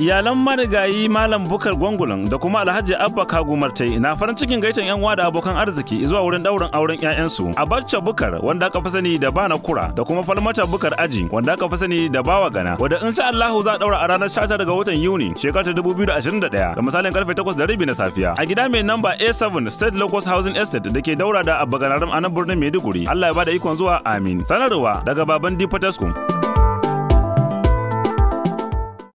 Iyalan marigayi Malam Bukar Gwangulan da kuma Alhaji Abba Kagu Martai na farin cikin gaitan ƴan da abokan arziki zuwa wurin ɗaurin auren ƴaƴansu. Abacha Bukar wanda aka fi sani da Bana Kura da kuma Falmata Bukar Aji wanda aka fi sani da Bawa Gana wanda insha Allahu za a ɗaura a ranar 19 ga watan Yuni shekarar 2021 da misalin karfe 8 da rabi na safiya. A gida mai namba A7 State Locust Housing Estate da ke daura da Abba Ganaram a nan birnin Maiduguri. Allah ya bada ikon zuwa amin. Sanarwa daga baban Deep Potaskum.